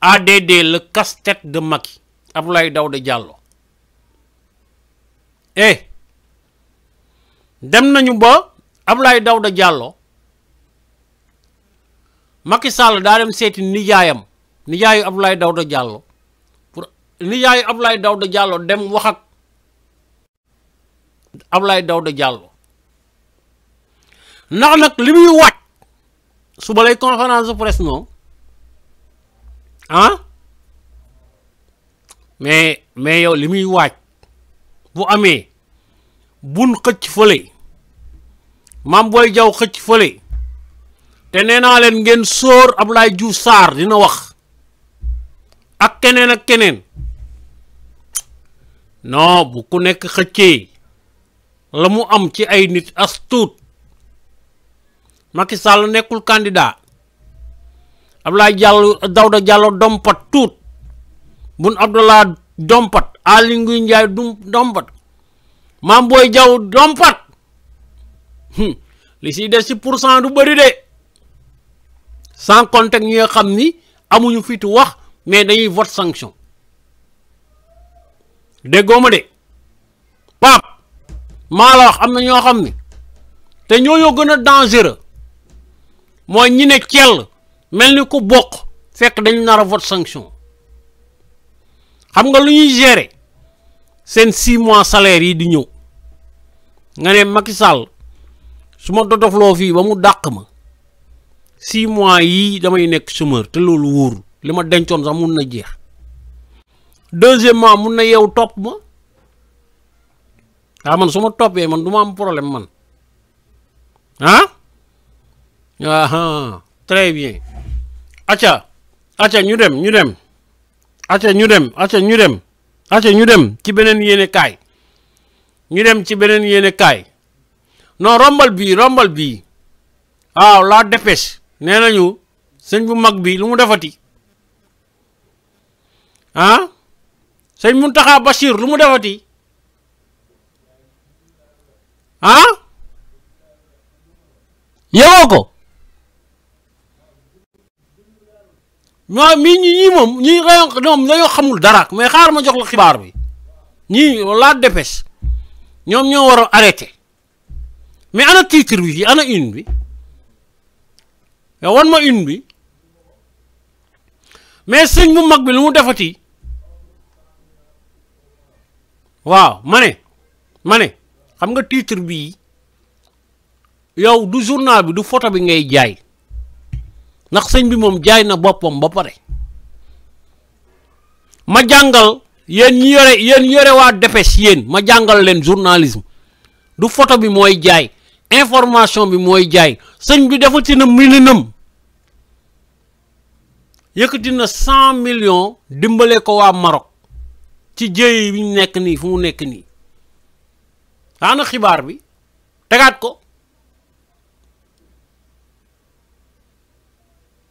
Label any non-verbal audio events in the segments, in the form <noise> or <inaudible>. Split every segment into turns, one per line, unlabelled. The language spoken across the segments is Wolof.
ADD le casse-tête de Macky Abdoulaye Daouda Diallo eh dem nañu ba Abdoulaye Daouda Diallo Macky Sall daa dem seeti nijaayam nijaayu Abdoulaye Daouda Diallo ni yaayu Abdoulaye Daouda Diallo dem wax ak Abdoulaye Daouda Diallo ndax nag li muy waaj suba lay conférence de presse non ah mais mais yow li muy waaj bu amee bun xëcc fële maam booy jaw xëcc fële te nee naa leen ngeen sóor Abdoulaye Diouf saar dina wax ak keneen ak keneen non bu ku nekk xëccee la mu am ci ay nit astut Macky Sall nekkul candidat Abdoulaye Diallo Daouda Diallo dompat tout bun Abdoulaye dompat Ali Nguy Ndiaye dompat Mam Boy Diaw dompat li ci dess ci pourcent du bari de sans compter ñi xamni amuñu fitu wax mais dañuy vote sanction déggoo ma de Pape maa la wax am na ñoo xam ne te ñooñoo gën a dangereux mooy ñi ne cell mel ni ku boq fekk dañu nar a vote sanction xam nga lu ñuy gere seen six mois salaire yi di ñëw nga ne Macky Sall su ma dotofloo fii ba mu dàq ma six mois yii damay nekk chômeur te loolu wuur li ma dencoon sax mun na jeex deuxièmement mun na yow topp ma waaw ah, man su ma toppee man duma ma am problème man ah aha ah, très bien acca acca ñu dem ñu dem acca ñu dem acca ñu dem acca ñu dem ci beneen yéene kaay ñu dem ci beneen yéene kaay non rombal bii rombal bii waaw la dépêche nee nañu sëñ bu mag bii lu mu defati ah sëñ Muntaxa Bachir lu mu defati ah yowoo ko maa mii ñi ñii moom ñii ñoom dañoo xamul dara mais xaar ma jox la xibaar bi ñii laa dépêche ñoom ñoo war a arrêté mais ana titre bi ana une bi yow wan ma une bi mais sëñ mu mag bi lu mu defati waaw mane mane xam nga titre bii yow du journal bi du photo bi ngay jaay ndax sëñ bi moom jaay na boppam ba pare ma jàngal yéen ñi yore yéen yore waa dépêche yéen ma jàngal leen journalisme du foto bi mooy jaay information bi mooy jaay sëñ bi defati na milinam yëkkati na cent millions dimbalee ko waa Maroc ci jéye bi nekk nii fu mu nekk nii ana xibaar bi tegaat ko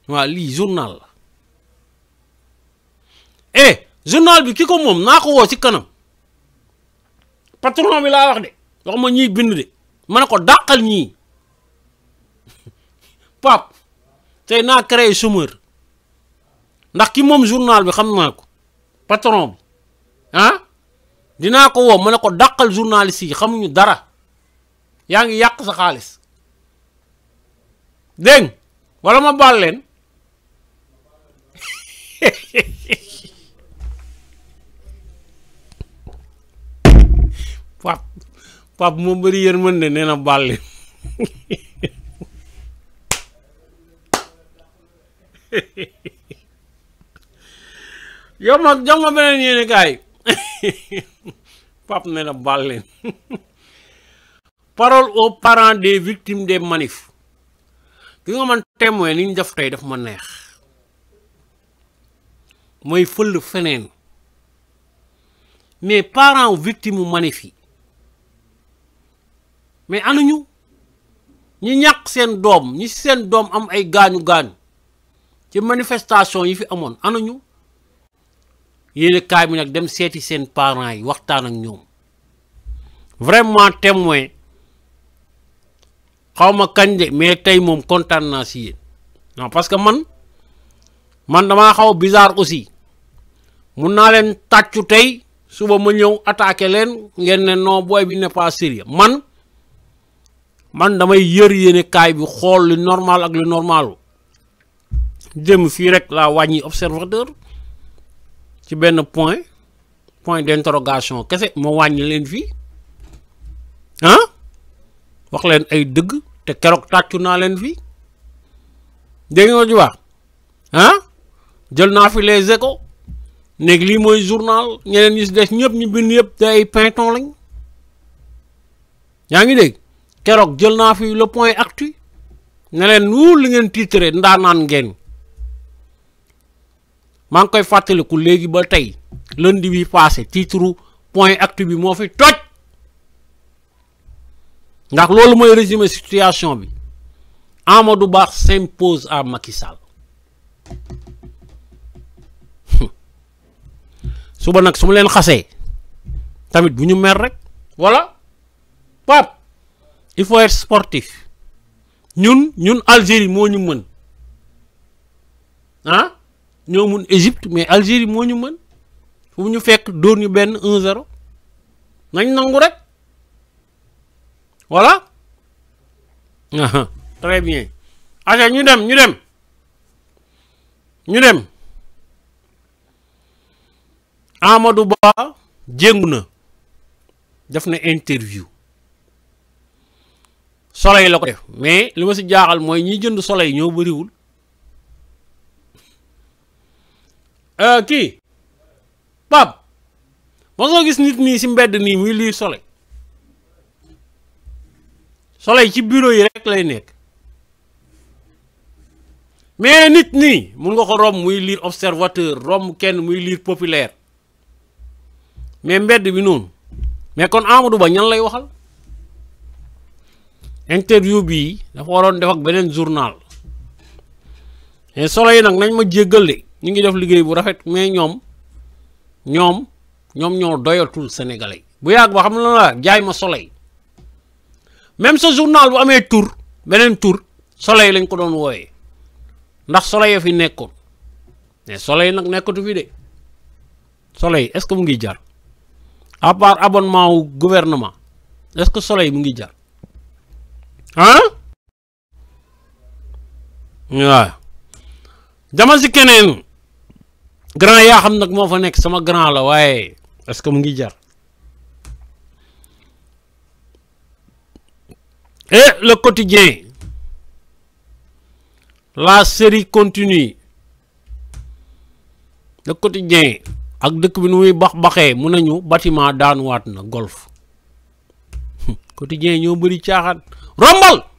waaw lii journal la eh journal bi ki ko moom naa ko woo ci kanam patron bi laa wax de wax ma ñiy bind de ma ne ko dàqal ñii <laughs> pap tey naa créé somer ndax ki moom journal bi xam naa ko patron ah dinaa ko woo ma ne ko dàqal journaliste yi xamuñu dara yaa ngi yàq sa xaalis dégg wala ma baal leen pap pap moo bëri yërmande nee na baal yow ma jox ma beneen yéene kaay <laughs> Pape ne na baal leen parole aux parents des victimes de manif ki nga man témoin li ñu def tey daf ma neex mooy fël feneen mais parent victime u manif yi mais anuñu ñi ñàkk seen doom ñi seen doom am ay gaañu gaañu ci manifestation yi fi amoon anuñu yéen kaay bi nag dem seeti seen parent yi waxtaan ak ñoom vraiment témoin xawma ma kañ de mais tey moom kontaan naa si yéen non parce que man man damaa xaw bizarre aussi mun naa leen tàccu tey suba ma ñëw attaqué leen ngeen ne non booy bi n'est pas man man damay yër yéene kaay bi xool lu normal ak lu normalu dem fii rek laa wàññi observateur ci benn point point d'interrogation kese ma wàññi leen fii ah wax leen ay dëgg te keroog tàccu naa leen fii dégg nga ji wax jël naa fi les échos néeg lii mooy journal ñeneen ñi si des ñëpp ñu bind yëpp te ay pinton lañ yaa ngi dégg keroog jël naa fi le point actu ne leen li ngeen tiitre ndaa naan ngeen mang koy fatale ku legui ba tay lundi bi passé titre point acte bi mo fi toj ndax loolu moy résumé situation bi Amadou Ba s'impose à Macky Sall <laughs> suba nak sumu len xasse tamit buñu mer rek voilà pap il faut être sportif ñun ñun Algérie moo ñu mën ah. ñoo mun Égypte mais Algérie moo ñu mën fu ñu fekk dóor ñu benn 1-0 nañ nangu rek voilà très bien aca ñu dem ñu dem ñu dem Amadou Ba jéngu na def na interview soleil la ko def mais li ma si jaaxal mooy ñiy jënd soleil ñoo bëriwul Euh, kii Pape mosoo gis nit nii si mbedd nii muy lire soleil yi ci bureau yi rek lay nekk mais nit nii mun nga ko romb muy lire observateur romb kenn muy lire populaire mais mbedd bi noonu mais kon Amadou Ba ñan lay waxal interview bii dafa waroon def ak beneen journal mais soleil nag nañ ma jéggal de ñu ngi def liggéey bu rafet mais ñoom ñoom ñoom ñoo doyatul sénégalais bu yàgg ba xam la la jaay ma soleil même sa journal bu amee tur beneen tur soleil lañ ko doon wooyee ndax soleil fi nekkoon mais soleil nag nekkatu fii de soleil est-ce que mu ngi jar à part abonnement wu gouvernement est-ce que soleil mu ngi jar ah waaw dama si keneen grand ya xam nak mo fa nek sama grand la waye est-ce que ngi jar et le quotidien la série continue le quotidien ak dekk bi nu muy bax baxé mu nañu bâtiment wat na golf <laughs> quotidien ñoo bari caaxaan rombal